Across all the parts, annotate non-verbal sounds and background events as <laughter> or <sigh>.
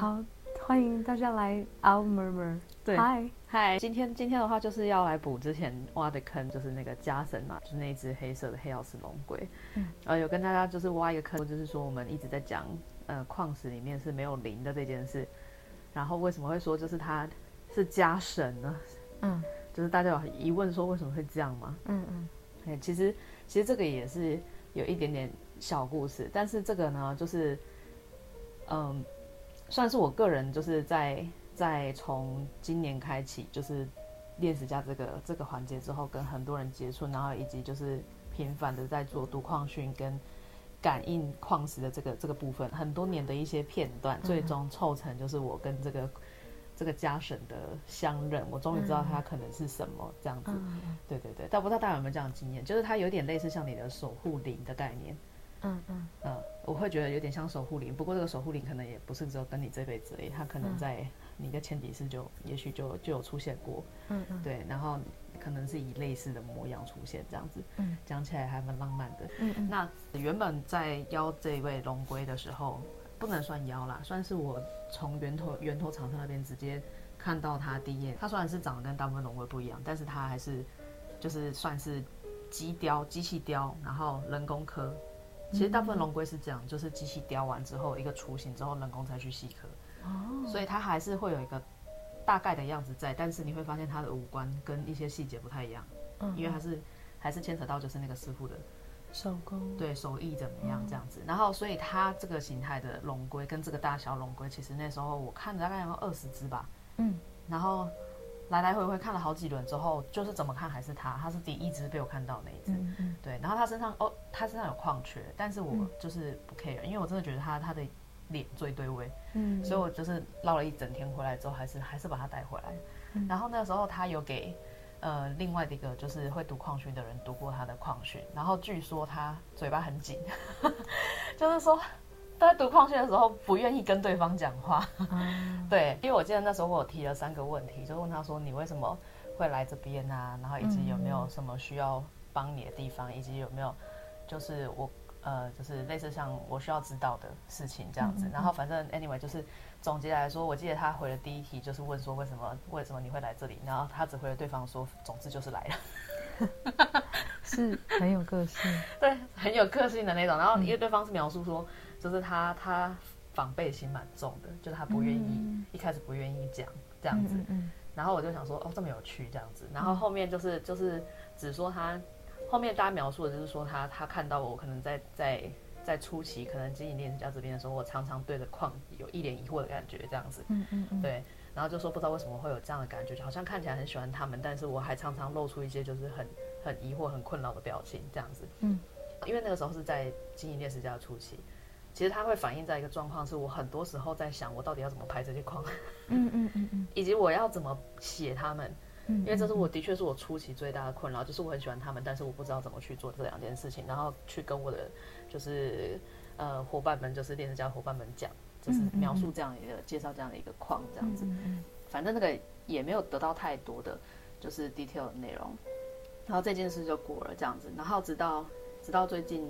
好，歡迎大家來 AlMurmur 對嗨嗨，Hi Hi, 今天今天的話就是要來補之前挖的坑，就是那個家神嘛，就是那隻黑色的黑曜石龍龜。嗯，呃，有跟大家就是挖一個坑，就是說我們一直在講，呃，礦石裡面是沒有靈的這件事。然後為什麼會說就是它是家神呢？嗯，就是大家有疑問說為什麼會這樣嗎？嗯嗯。哎，其實其實這個也是有一點點小故事，但是這個呢，就是，嗯。算是我個人，就是在在從今年開啟，就是煉石家這個這個環節之後，跟很多人接觸，然後以及就是頻繁的在做讀礦訓跟感應礦石的這個這個部分，很多年的一些片段，最終湊成就是我跟這個這個家神的相認，我終於知道它可能是什麼這樣子。嗯嗯嗯嗯嗯對對對，但不知道大家有沒有這樣的經驗，就是它有點類似像你的守護靈的概念。嗯嗯嗯，我會覺得有點像守護靈，不過這個守護靈可能也不是只有跟你這輩子而已，它可能在你的前幾世就也許就就有出現過。嗯嗯，嗯對，然後可能是以類似的模樣出現這樣子。嗯，講起來還蠻浪漫的。嗯嗯，嗯那原本在邀這一位龍龜的時候，不能算邀啦，算是我從源頭源頭廠商那邊直接看到他第一眼。他雖然是長得跟大部分龍龜不一樣，但是他還是就是算是機雕機器雕，然後人工科。其實大部分龍龜是這樣，就是機器雕完之後，一個雛形之後，人工才去細刻，哦、所以它還是會有一個大概的樣子在，但是你會發現它的五官跟一些細節不太一樣，嗯、哼因為它是還是牽扯到就是那個師傅的手工，對手藝怎麼樣、嗯、這樣子。然後所以它這個形態的龍龜跟這個大小龍龜，其實那時候我看着大概有二十隻吧，嗯，然後。來來回回看了好幾輪之後，就是怎麼看還是他，他是第一隻被我看到那一隻，嗯嗯、對。然後他身上哦，他身上有礦缺，但是我就是不 care，因為我真的覺得他他的臉最對位，嗯、所以我就是繞了一整天回來之後，還是還是把他帶回來。嗯、然後那個時候他有給呃另外的一個就是會讀礦訊的人讀過他的礦訊，然後據說他嘴巴很緊，呵呵就是說。在讀礦區的時候，不願意跟對方講話，uh。Huh. <laughs> 對，因為我記得那時候我有提了三個問題，就是，問他說：“你為什麼會來這邊啊？”然後以及有沒有什麼需要幫你的地方，嗯嗯以及有沒有就是我呃，就是類似像我需要知道的事情這樣子。嗯嗯然後反正 anyway 就是總結來說，我記得他回了第一題，就是問說：“為什麼為什麼你會來這裡？”然後他只回了對方說：“總之就是來了。 <laughs> <laughs> 是”是很有個性，對，很有個性的那種。然後因為對方是描述說，嗯就是他，他防備心蠻重的，就是他不願意，嗯嗯嗯一開始不願意講這樣子。嗯嗯嗯然後我就想說，哦，這麼有趣這樣子。然後後面就是就是只說他，後面大家描述的就是說他，他看到我可能在在在初期可能經營電視家這邊的時候，我常常對着礦有一臉疑惑的感覺這樣子。嗯嗯嗯，對，然後就說不知道為什麼會有這樣的感覺，就好像看起來很喜歡他們，但是我還常常露出一些就是很很疑惑、很困擾的表情這樣子。嗯，因為那個時候是在經營電視家的初期。其實它會反映在一個狀況，是我很多時候在想，我到底要怎麼拍這些框，嗯嗯嗯嗯，嗯嗯以及我要怎麼寫他們，嗯嗯、因為這是我的，嗯嗯、的確是我初期最大的困擾，就是我很喜歡他們，嗯嗯、但是我不知道怎麼去做這兩件事情，然後去跟我的就是呃夥伴們，就是電視家夥伴們講，就是描述這樣一個、嗯嗯嗯、介紹這樣的一個框這樣子，嗯嗯嗯、反正那個也沒有得到太多的就是 detail 的內容，然後這件事就過了這樣子，然後直到直到最近，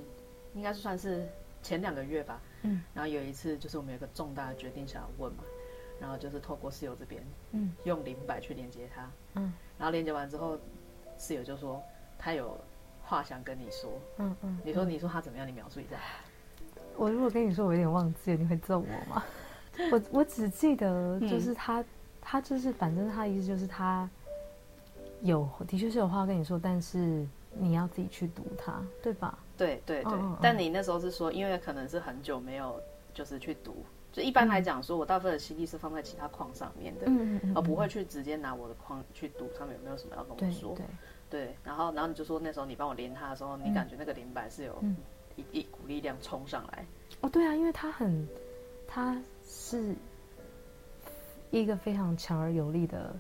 應該是算是。前兩個月吧，嗯，然後有一次就是我們有個重大的決定想要問嘛，然後就是透過室友這邊，嗯，用零百去連接他，嗯，然後連接完之後，室友就說他有話想跟你說，嗯嗯，嗯你說你說他怎麼樣？你描述一下。嗯嗯、我如果跟你說我有點忘記了，你會揍我嗎？我我只記得就是他、嗯、他就是反正他的意思就是他有的確是有話要跟你說，但是。你要自己去讀它，對吧？對對對。對對哦哦哦，但你那時候是說，因為可能是很久沒有就是去讀，就一般來講說，說、嗯、我大部分的心力是放在其他礦上面的，嗯嗯，而、嗯嗯、不會去直接拿我的礦去讀，上面有沒有什麼要跟我說？對對，對然後然後你就說，那時候你幫我連它的時候，嗯、你感覺那個靈擺是有、嗯、一一股力量衝上來。哦，對啊，因為它很，它是，一個非常強而有力的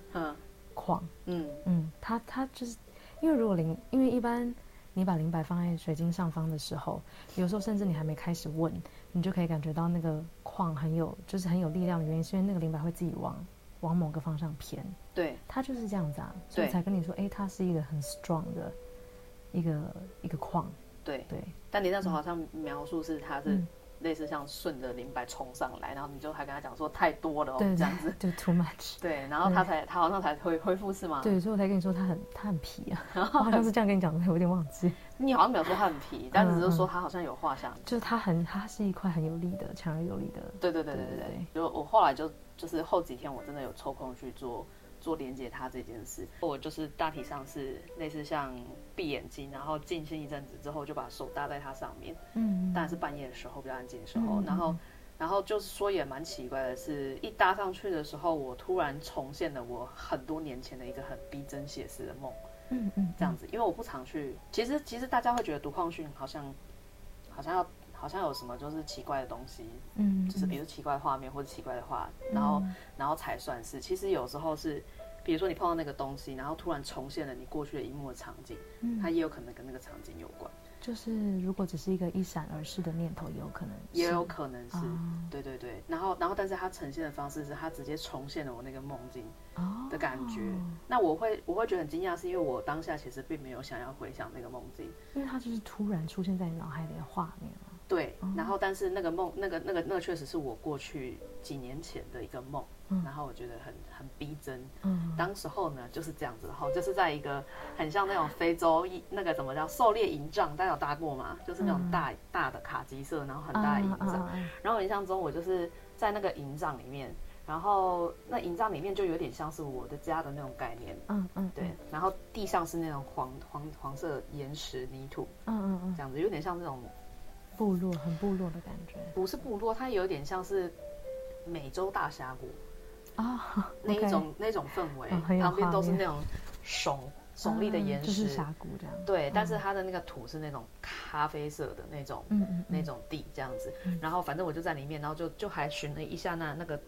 礦、嗯，嗯嗯，它它就是。因為如果靈，因為一般你把靈擺放在水晶上方的時候，有時候甚至你還沒開始問，你就可以感覺到那個礦很有，就是很有力量的原因，是因為那個靈擺會自己往往某個方向偏。對，它就是這樣子啊，所以才跟你說，哎對、欸，它是一個很 strong 的一個一個礦。對對。對但你那時候好像描述是它是、嗯。類似像順着靈擺衝上來，然後你就還跟他講說太多了哦，對對對，這樣子。就 too much。對，然後他才對他好像才會恢復是嗎？對，所以我才跟你說他很他很皮啊， <laughs> 好像是這樣跟你講的，我有點忘記。 <laughs> 你好像沒有說他很皮，但只是，是說他好像有話想。 <laughs> 就是他很，他是一塊很有力的，強而有力的。對對，對對對對對。就我後來就就是後幾天，我真的有抽空去做。做連接它這件事，我就是大體上是類似像閉眼睛，然後靜心一陣子之後，就把手搭在它上面，嗯，當然是半夜的時候比較安靜的時候，然後，然後就是說也蠻奇怪的是，是一搭上去的時候，我突然重現了我很多年前的一個很逼真寫實的夢，嗯，嗯嗯，這樣子，因為我不常去，其實其實大家會覺得讀曠訓好像，好像要。好像有什麼就是奇怪的東西，嗯，就是比如說奇怪的畫面或者奇怪的話，嗯、然後然後才算是。其實有時候是，比如說你碰到那個東西，然後突然重現了你過去的一幕的場景，嗯，它也有可能跟那個場景有關。就是如果只是一個一閃而逝的念頭，也有可能，也有可能是，啊、對對對。然後然後，但是它呈現的方式是，它直接重現了我那個夢境，哦，的感覺。啊、那我會我會覺得很驚訝，是因為我當下其實並沒有想要回想那個夢境，因為它就是突然出現在你腦海裡的畫面。對，然後但是那個夢，那個那個那個確實是我過去幾年前的一個夢，嗯、然後我覺得很很逼真。嗯，當時候呢就是這樣子，然後就是在一個很像那種非洲那個什麼叫狩獵營帳，大家有搭過嗎？就是那種大、嗯、大，大的卡其色，然後很大的營帳。嗯、然後我印象中我就是在那個營帳裡面，然後那營帳裡面就有點像是我的家的那種概念。嗯嗯，嗯對。然後地上是那種黃黃黃色岩石泥土。嗯嗯嗯，這樣子有點像那種。部落很部落的感覺，不是部落，它有點像是美洲大峽谷啊，oh, okay.，那一種那種氛圍，旁邊都是那種聳聳立的岩石就是峽谷這樣，對，但是它的那個土是那種咖啡色的那種，嗯嗯嗯那種地這樣子，然後反正我就在裡面，然後就就還尋了一下那那個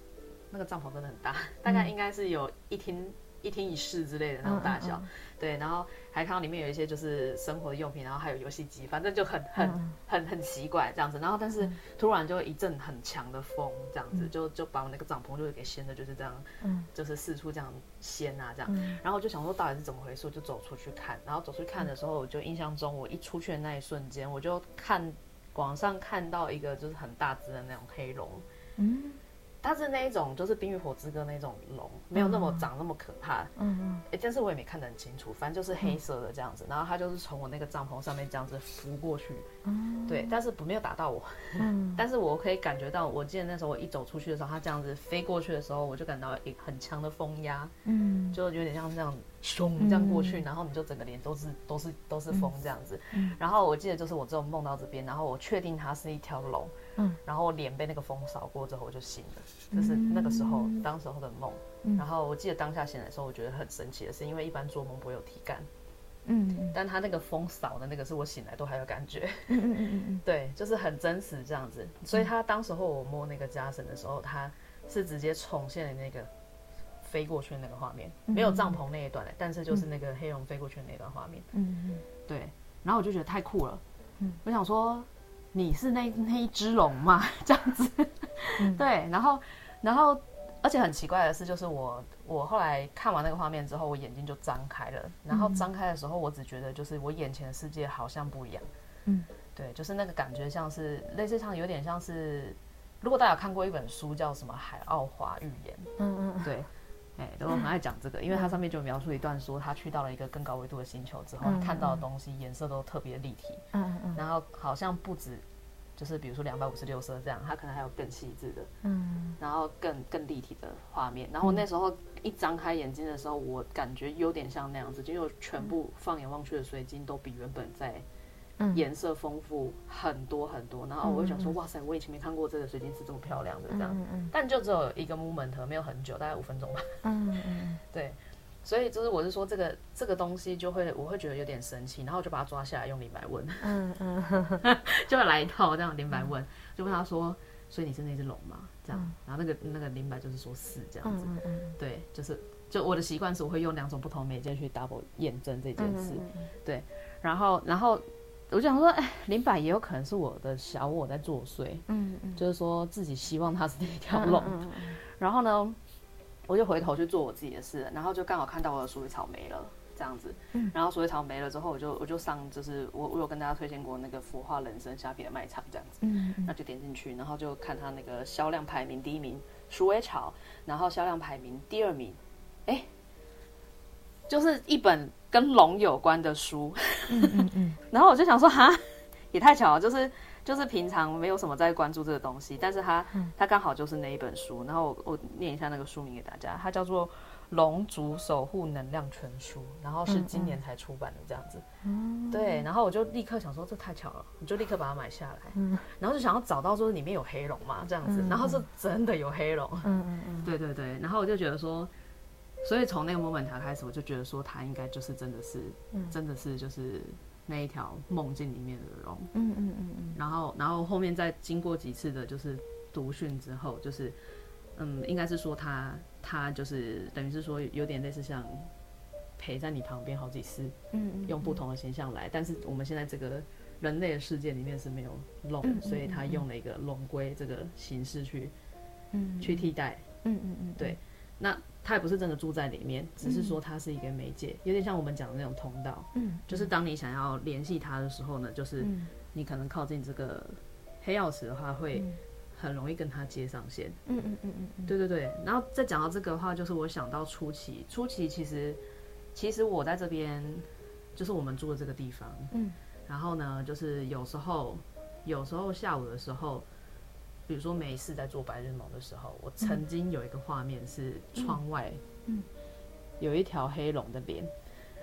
那個帳篷真的很大，嗯、大概應該是有一廳。一廳一室之類的那種大小，嗯嗯、對，然後還看到裡面有一些就是生活的用品，然後還有遊戲機，反正就很很、嗯、很很奇怪這樣子。然後，但是突然就一陣很強的風，這樣子、嗯、就就把我那個帳篷就會給掀的，就是這樣，嗯，就是四處這樣掀啊這樣。嗯、然後就想說到底是怎麼回事，我就走出去看。然後走出去看的時候，我就印象中我一出去的那一瞬間，我就看往上看到一個就是很大只的那種黑龍，嗯。它是那一種，就是《冰與火之歌》那種龍，沒有那麼長，那麼可怕。嗯嗯、欸。但是我也沒看得很清楚，反正就是黑色的這樣子。嗯、然後它就是從我那個帳篷上面這樣子浮過去。嗯。對，但是不，沒有打到我。嗯。但是我可以感覺到，我記得那時候我一走出去的時候，它這樣子飛過去的時候，我就感到一很強的風壓。嗯。就有點像這樣，凶，這樣過去，然後你就整個臉都是都是都是風這樣子。嗯。然後我記得就是我這種夢到這邊，然後我確定它是一條龍。嗯，然後臉被那個風掃過之後我就醒了，就是那個時候，當時候的夢。然後我記得當下醒來的時候，我覺得很神奇的是，因為一般做夢不會有體感，嗯，但他那個風掃的那個是我醒來都還有感覺，嗯對，就是很真實這樣子。所以他當時候我摸那個家神的時候，他是直接重現了那個飛過去的那個畫面，沒有帳篷那一段，但是就是那個黑龍飛過去的那段畫面，嗯嗯，對，然後我就覺得太酷了，嗯，我想說。你是那那一隻龍嗎？這樣子、 <laughs> 嗯，對。然後，然後，而且很奇怪的是，就是我我後來看完那個畫面之後，我眼睛就張開了。然後張開的時候，我只覺得就是我眼前的世界好像不一樣。嗯，對，就是那個感覺，像是類似像有點像是，如果大家有看過一本書叫什麼《海奧華預言》。嗯嗯，對。對，我很愛講這個，因為它上面就描述一段說，他去到了一個更高維度的星球之後，看到的東西顏色都特別立體，嗯，然後好像不止，就是比如說兩百五十六色這樣，它可能還有更細緻的，嗯，然後更更立體的畫面。然後那時候一張開眼睛的時候，我感覺有點像那樣子，就全部放眼望去的水晶都比原本在，顏色豐富很多很多，然後我就想說，嗯嗯，哇塞，我以前沒看過這個水晶是這麼漂亮的，就是，這樣，嗯嗯，但就只有一個 moment，沒有很久，大概五分鐘吧。嗯，嗯，對，所以就是我是說，這個這個東西就會我會覺得有點神奇，然後我就把它抓下來，用靈擺問，嗯嗯， <laughs> 就會來一套這樣靈擺問，嗯嗯，就問他說，所以你是那隻龍嗎？這樣，嗯、然後那個那個靈擺就是說是這樣子，嗯嗯嗯，對，就是就我的習慣是我會用兩種不同媒介去 double 驗證這件事，嗯嗯嗯嗯，對，然後然後。我就想說，哎，靈擺也有可能是我的小我在作祟，嗯,嗯就是說自己希望他是那一條龍、嗯嗯嗯，然後呢，我就回頭去做我自己的事，然後就剛好看到我的鼠尾草沒了，這樣子，嗯、然後鼠尾草沒了之後我，我就我就上，就是我我有跟大家推薦過那個孵化人生，蝦皮的賣場，這樣子，嗯，嗯那就點進去，然後就看它那個銷量排名第一名鼠尾草，然後銷量排名第二名，哎，就是一本。跟龍有關的書，嗯，嗯嗯、 <laughs> 然後我就想說，哈，也太巧了，就是就是平常沒有什麼在關注這個東西，但是它它剛好就是那一本書，然後我，我念一下那個書名給大家，它叫做《龍族守護能量全書》，然後是今年才出版的這樣子，嗯、對，然後我就立刻想說，這太巧了，你就立刻把它買下來，嗯、然後就想要找到說裡面有黑龍嘛這樣子，然後是真的有黑龍，嗯嗯嗯， <laughs> 對對對，然後我就覺得說。所以從那個 moment 開始，我就覺得說他應該就是真的是，真的是就是那一條夢境裡面的龍，嗯嗯嗯，然後然後後面再經過幾次的就是讀訓之後，就是嗯應該是說他他就是等於是說有點類似像陪在你旁邊好幾次，嗯，用不同的形象來，但是我們現在這個人類的世界裡面是沒有龍，所以他用了一個龍龜這個形式去，嗯，去替代，嗯嗯嗯，對，那。他也不是真的住在裡面，只是說他是一個媒介，嗯、有點像我們講的那種通道。嗯，嗯就是當你想要聯繫他的時候呢，就是你可能靠近這個黑曜石的話，會很容易跟他接上線。嗯嗯嗯嗯，對對對。然後再講到這個的話，就是我想到初期，初期其實其實我在這邊，就是我們住的這個地方。嗯，然後呢，就是有時候有時候下午的時候。比如說，每一次在做白日夢的時候，我曾經有一個畫面是窗外，嗯嗯、有一條黑龍的臉，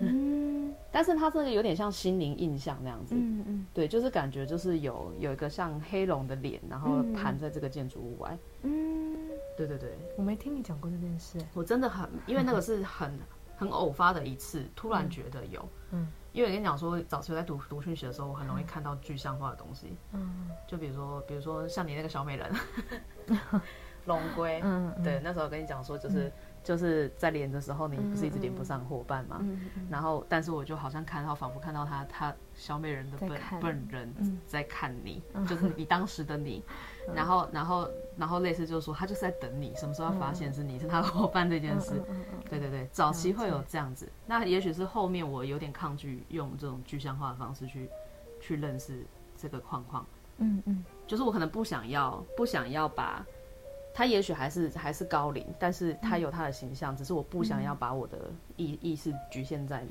嗯、但是它這個有點像心靈印象那樣子，嗯嗯，嗯對，就是感覺就是有有一個像黑龍的臉，然後盤在這個建築物外，嗯，對對對，我沒聽你講過這件事、欸，我真的很，因為那個是很。很偶發的一次，突然覺得有，嗯，嗯因為我跟你講說，早期我在讀讀訊息的時候，我很容易看到具象化的東西，嗯，就比如說，比如說像你那個小美人龍龜，嗯，對，那時候我跟你講說，就是、嗯、就是在連的時候，你不是一直連不上伙伴嗎？嗯嗯嗯嗯、然後，但是我就好像看到，仿佛看到他，他小美人的本看本人在看你，嗯、就是你當時的你。嗯 <laughs> 然後，嗯、然後，然後，然後，類似就是說他就是在等你，什麼時候要發現是你是他的夥伴這件事。嗯、對對對，嗯嗯嗯嗯、早期會有這樣子。了解。那也許是後面我有點抗拒用這種具象化的方式去去認識這個框框。嗯嗯，嗯就是我可能不想要，不想要把，他也許還是還是高齡，但是他有他的形象，嗯、只是我不想要把我的意意識侷限在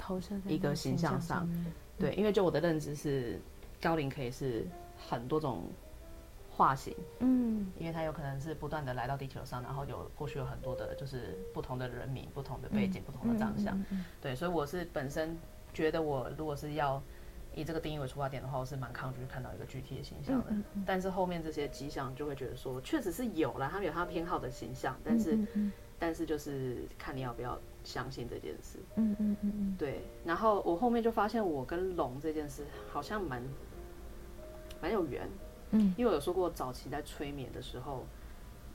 一個形象上。對，嗯、因為就我的認知是，高齡可以是很多種。化形，嗯，因為它有可能是不斷的來到地球上，然後有過去有很多的，就是不同的人民、不同的背景、不同的長相，嗯嗯嗯嗯對，所以我是本身覺得我如果是要以這個定義為出發點的話，我是蠻抗拒看到一個具體的形象的。嗯嗯嗯嗯，但是後面這些跡象就會覺得說，確實是有了，他們有他偏好的形象，但是嗯嗯嗯但是就是看你要不要相信這件事，嗯嗯，嗯嗯嗯，對。然後我後面就發現，我跟龍這件事好像蠻蠻有緣。嗯，因為我有說過，早期在催眠的時候，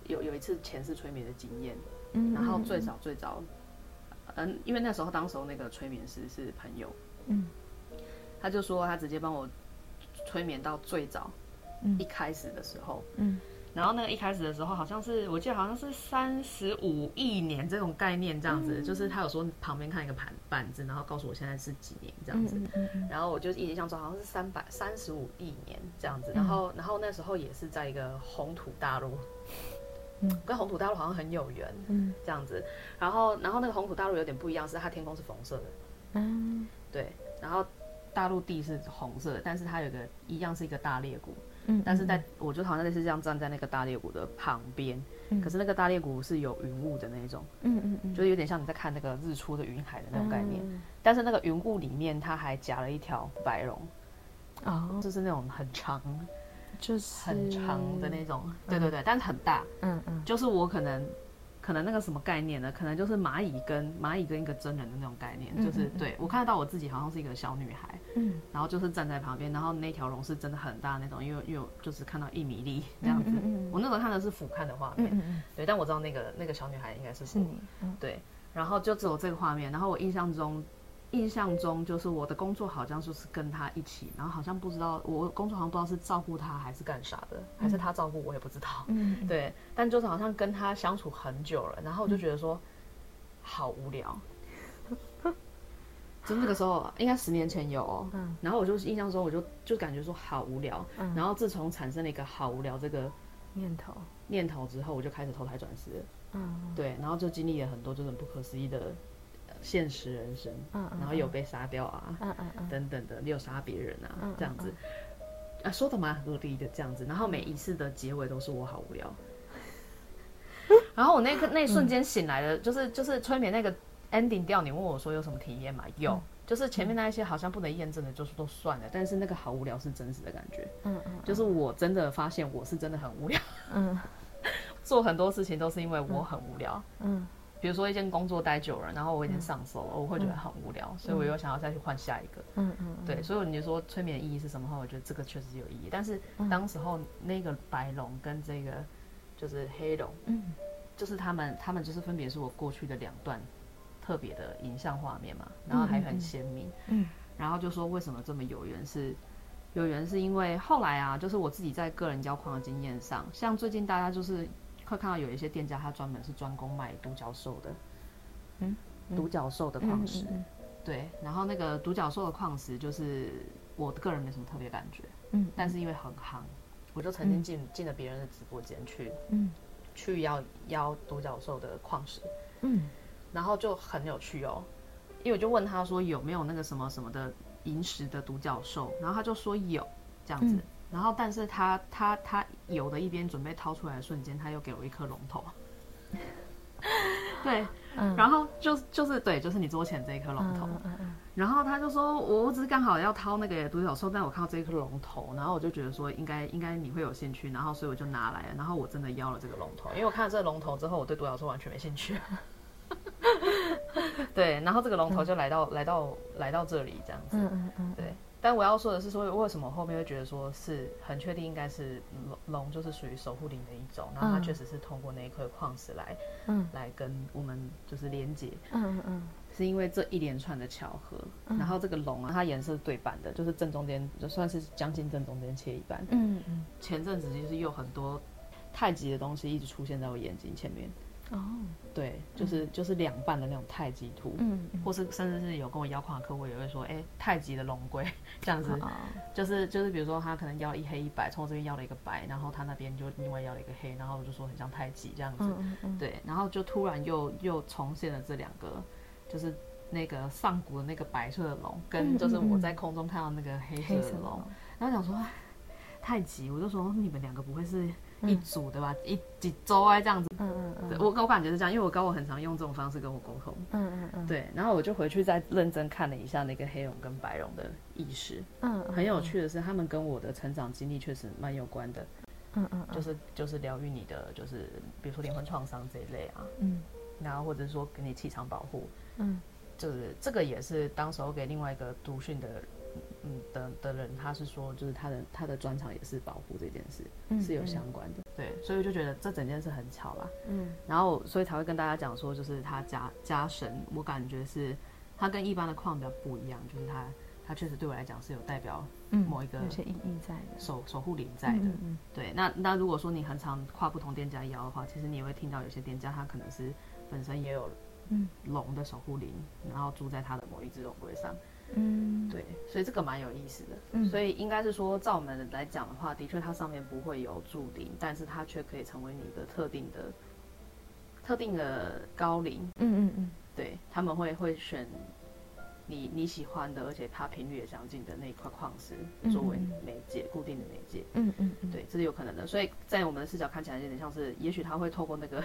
有有一次前世催眠的經驗，嗯，然後最早最早，嗯，嗯、呃，因為那時候當時候那個催眠師是朋友，嗯，他就說他直接幫我催眠到最早，嗯，一開始的時候，嗯，嗯。然後呢，一開始的時候好像是，我記得好像是三十五億年這種概念這樣子，嗯、就是他有說旁邊看一個盤板子，然後告訴我現在是幾年這樣子，嗯嗯嗯、然後我就一直想說好像是三百三十五億年這樣子，嗯、然後然後那時候也是在一個紅土大陸，嗯、跟紅土大陸好像很有緣，嗯，這樣子，嗯嗯、然後然後那個紅土大陸有點不一樣，是它天空是紅色的，嗯，對，然後大陸地是紅色的，但是它有個一樣是一個大裂谷。但是在嗯嗯嗯，我就好像類似這樣站在那個大裂谷的旁邊，嗯、可是那個大裂谷是有雲霧的那種，嗯嗯嗯，就是有點像你在看那個日出的雲海的那種概念，嗯、但是那個雲霧裡面它還夾了一條白龍，啊、哦，就是那種很長，就是很長的那種，嗯、對對對，但是很大，嗯嗯，就是我可能。可能那個什麼概念呢？可能就是螞蟻跟螞蟻跟一個真人的那種概念，就是嗯嗯對，我看得到我自己好像是一個小女孩，嗯，然後就是站在旁邊，然後那條龍是真的很大那種又，因為就是看到一米粒這樣子，嗯嗯嗯，我那時候看的是俯瞰的畫面，嗯嗯對，但我知道那個那個小女孩應該是，是你，嗯、對，然後就只有這個畫面，然後我印象中。印象中就是我的工作好像就是跟他一起，然後好像不知道我工作好像不知道是照顧他還是幹啥的，嗯、還是他照顧我也不知道。嗯，對，但就是好像跟他相處很久了，然後我就覺得說好無聊。嗯、就是那個時候 <laughs> 應該十年前有哦、喔，嗯，然後我就印象中我就就感覺說好無聊，嗯、然後自從產生了一個好無聊這個念頭念頭之後，我就開始投胎轉世，嗯，對，然後就經歷了很多這種不可思議的。現實人生，然後有被殺掉啊，等等的，你有殺別人啊，這樣子，啊，說的蠻落地的這樣子，然後每一次的結尾都是我好無聊。然後我那個那一瞬間醒來的，就是就是催眠那個 ending 掉，你問我說有什麼體驗嗎？有，就是前面那一些好像不能驗證的，就是都算了，但是那個好無聊是真實的感覺。嗯嗯，就是我真的發現我是真的很無聊。嗯，做很多事情都是因為我很無聊。嗯。比如說，一件工作待久了，然後我已經上手了，嗯、我會覺得很無聊，嗯、所以我又想要再去換下一個。嗯嗯，對，所以你說催眠意義是什麼的話，我覺得這個確實有意義。但是當時候那個白龍跟這個就是黑龍，嗯，就是他們，他們就是分別是我過去的兩段特別的影像畫面嘛，嗯、然後還很鮮明、嗯。嗯，然後就說為什麼這麼有緣？是，有緣是因為後來啊，就是我自己在個人交框的經驗上，像最近大家就是。會看到有一些店家，他專門是專攻賣獨角獸的，嗯，嗯獨角獸的礦石，嗯嗯嗯、對。然後那個獨角獸的礦石，就是我個人沒什麼特別感覺，嗯。嗯但是因為很夯，我就曾經進、嗯、進了別人的直播間去，嗯，去要要獨角獸的礦石，嗯。然後就很有趣哦，因為我就問他說有沒有那個什麼什麼的螢石的獨角獸，然後他就說有這樣子。嗯然後，但是他他他有的一邊準備掏出來的瞬間，他又給我一顆龍頭， <laughs> 對，嗯、然後就就是對，就是你桌前這一顆龍頭，嗯嗯嗯、然後他就說，我只是剛好要掏那個獨角獸，但我看到這一顆龍頭，然後我就覺得說應該應該你會有興趣，然後所以我就拿來了，然後我真的要了這個龍頭，因為我看到這個龍頭之後，我對獨角獸完全沒興趣、啊， <laughs> 對，然後這個龍頭就來到、嗯、來到來到這裡這樣子，嗯嗯對。但我要說的是，說為什麼我後面會覺得說是很確定應該是龍，龍就是屬於守護靈的一種，然後它確實是通過那一塊礦石來，嗯，來跟我們就是連接、嗯，嗯嗯是因為這一連串的巧合，嗯、然後這個龍啊，它顏色對半的，就是正中間就算是將近正中間切一半的嗯，嗯嗯，前陣子就是有很多太極的東西一直出現在我眼睛前面。哦，oh, 對，就是就是兩半的那種太極圖，嗯，或是甚至是有跟我邀款的客戶也會說，哎、嗯欸，太極的龍龜這樣子，嗯、就是就是比如說他可能邀一黑一白，從我這邊邀了一個白，然後他那邊就另外邀了一個黑，然後我就說很像太極這樣子，嗯嗯、對，然後就突然又又重現了這兩個，就是那個上古的那個白色的龍，跟就是我在空中看到那個黑色的龍，嗯嗯、然後我想說太極，我就說你們兩個不會是。一組對吧？一幾週啊，這樣子，嗯嗯，我、嗯嗯、我感覺是這樣，因為我哥我很常用這種方式跟我溝通、嗯，嗯嗯嗯，對，然後我就回去再認真看了一下那個黑龍跟白龍的意識，嗯，很有趣的是，嗯、他們跟我的成長經歷確實蠻有關的，嗯嗯，嗯、就是，就是就是療癒你的，就是比如說靈魂創傷這一類啊，嗯，然後或者說給你氣場保護，嗯。就是這個也是當時候給另外一個讀訊的，嗯的的人，他是說就是他的他的專長也是保護這件事嗯，嗯是有相關的，對，所以我就覺得這整件事很巧吧，嗯，然後所以才會跟大家講說就是他家家神，我感覺是他跟一般的礦比較不一樣，就是他他確實對我來講是有代表某一個有些陰影在的守守護靈在的，對，那那如果說你很常跨不同店家邀的話，其實你也會聽到有些店家他可能是本身也有，嗯，龍的守護靈，然後住在它的某一隻龍龜上。嗯，對，所以這個蠻有意思的。嗯，所以應該是說，照我們來講的話，的確它上面不會有駐靈，但是它卻可以成為你的特定的、特定的高靈、嗯。嗯嗯嗯，對，他們會會選你你喜歡的，而且它頻率也相近的那一塊礦石、嗯、作為媒介固定的媒介、嗯。嗯嗯，對，這是有可能的。所以在我們的視角看起來，有點像是，也許它會透過那個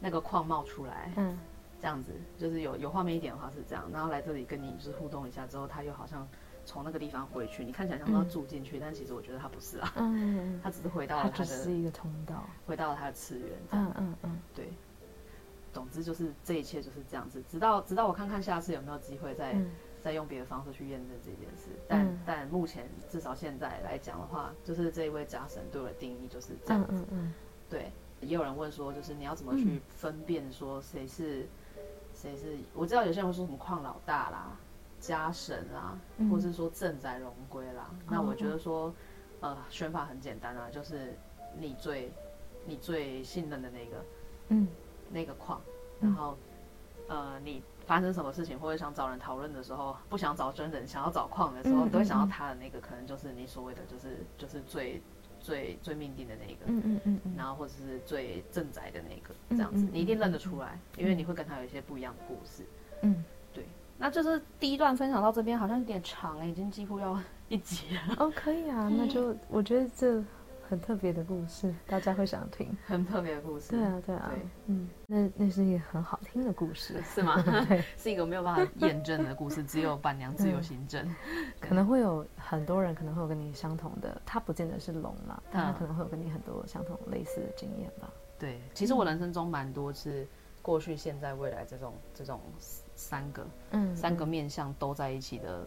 那個礦冒出來。嗯。這樣子就是有有畫面一點的話是這樣，然後來這裡跟你就是互動一下之後，他又好像從那個地方回去，你看起來像都要住進去，嗯、但其實我覺得他不是啊，嗯嗯嗯、他只是回到了他的，他是一個通道，回到了他的次元這樣子，這嗯嗯嗯，嗯嗯對，總之就是這一切就是這樣子，直到直到我看看下次有沒有機會再、嗯、再用別的方式去驗證這件事，但、嗯、但目前至少現在來講的話，就是這一位家神對我的定義就是這樣子，嗯嗯嗯、對，也有人問說就是你要怎麼去分辨說誰是。誰是？我知道有些人會說什麼礦老大啦，家神啦，或者說鎮宅龍龜啦。嗯、那我覺得說，呃，選法很簡單啊，就是你最你最信任的那個，嗯，那個礦。然後，嗯、呃，你發生什麼事情或者想找人討論的時候，不想找真人，想要找礦的時候，都會想到他的那個，可能就是你所謂的就是就是最。最最命定的那一個，嗯，嗯嗯嗯，然後或者是最正宅的那一個，嗯嗯嗯，這樣子你一定認得出來，因為你會跟他有一些不一樣的故事，嗯，對。那就是第一段分享到這邊，好像有點長了，欸，已經幾乎要一集了。哦，可以啊，那就，嗯、我覺得這。很特別的故事，大家會想聽。很特別的故事，對啊，對啊，對啊，嗯，那那是一個很好聽的故事，是嗎？ <laughs> 對是一個沒有辦法驗證的故事， <laughs> 只有板娘、嗯、自由心證。可能會有很多人，可能會有跟你相同的，他不見得是龍啦，嗯、但他可能會有跟你很多相同類似的經驗吧。對，其實我人生中蠻多次，過去、現在、未來這種這種三個，嗯，三個面向都在一起的。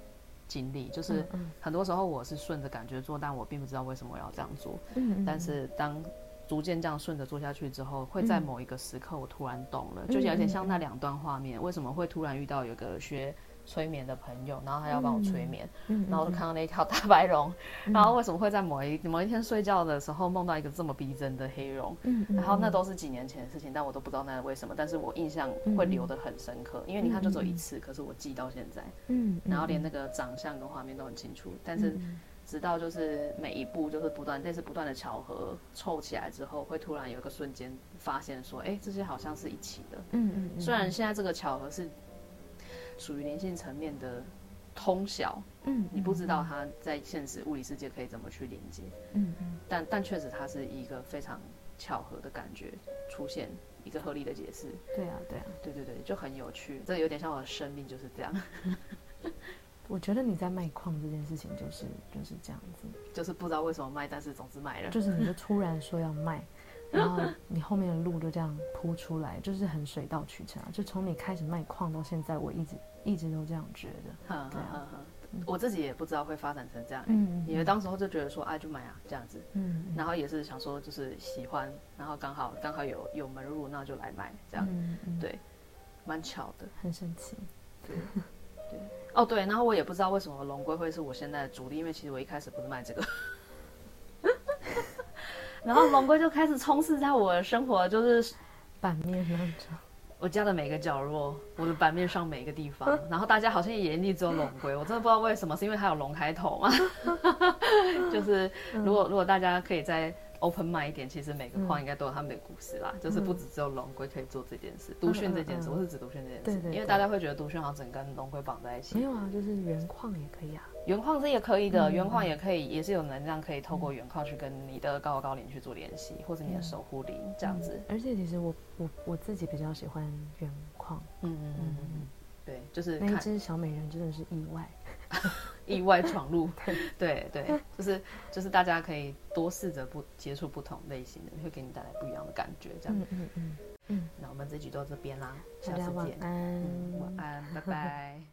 經歷就是，很多時候我是順着感覺做，但我並不知道為什麼我要這樣做。但是當逐漸這樣順着做下去之後，會在某一個時刻，我突然懂了，就是有點像那兩段畫面，為什麼會突然遇到有一個學。催眠的朋友，然後他要幫我催眠，嗯嗯、然後我就看到那一條大白龍。嗯、然後為什麼會在某一某一天睡覺的時候夢到一個這麼逼真的黑龍？嗯嗯、然後那都是幾年前的事情，但我都不知道那是為什麼。但是我印象會留得很深刻，因為你看，就只有一次，嗯、可是我記到現在。嗯。嗯然後連那個長相跟畫面都很清楚，但是直到就是每一步就是不斷，但是不斷的巧合湊起來之後，會突然有一個瞬間發現說，哎，這些好像是一起的。嗯。嗯嗯雖然現在這個巧合是。屬於靈性層面的通曉，嗯,嗯,嗯，你不知道它在現實物理世界可以怎麼去連接，嗯,嗯，但但確實它是一個非常巧合的感覺，出現一個合理的解釋。對啊,對啊，對啊，對對對，就很有趣。這個、有點像我的生命就是這樣。 <laughs> 我覺得你在賣礦這件事情就是就是這樣子，就是不知道為什麼賣，但是總是賣了。就是你就突然說要賣。 <laughs> <laughs> 然後你後面的路就這樣鋪出來，就是很水到渠成啊！就從你開始賣礦到現在，我一直一直都這樣覺得。我自己也不知道會發展成這樣，欸。嗯哼，因為當時候就覺得說，哎，就買啊，這樣子。嗯哼。然後也是想說，就是喜歡，然後剛好剛好有有門路，那就來買這樣。嗯、哼對，蠻巧的。很神奇。對。對。哦對，然後我也不知道為什麼龍龜會是我現在的主力，因為其實我一開始不是賣這個。然後龍龜就開始充斥在我的生活，就是版面上，我家的每個角落，我的版面上每個地方。嗯、然後大家好像也眼裡只有龍龜，我真的不知道為什麼，是因為它有龍開頭嗎？ <laughs> 就是如果如果大家可以在。open mind 一點，其實每個礦應該都有它們的故事啦，嗯、就是不只只有龍龜可以做這件事，獨訓、嗯、這件事，我、嗯嗯、是指獨馴這件事，嗯嗯、因為大家會覺得獨訓好像整個龍龜綁在一起。沒有啊，就是原礦也可以啊，原礦是也可以的，原礦、嗯、也可以，也是有能量可以透過原礦去跟你的高高靈去做聯繫，嗯、或者你的守護靈這樣子。而且其實我我我自己比較喜歡原礦，嗯嗯嗯嗯，對，就是那一隻小美人真的是意外。 <laughs> 意外闖入， <laughs> 對對，對，就是就是，大家可以多試着不接觸不同類型的，會給你帶來不一樣的感覺，這樣嗯。嗯嗯。那我們這集就到這邊啦，下次見。嗯、下次見，晚安，嗯、晚安，拜拜。 <laughs>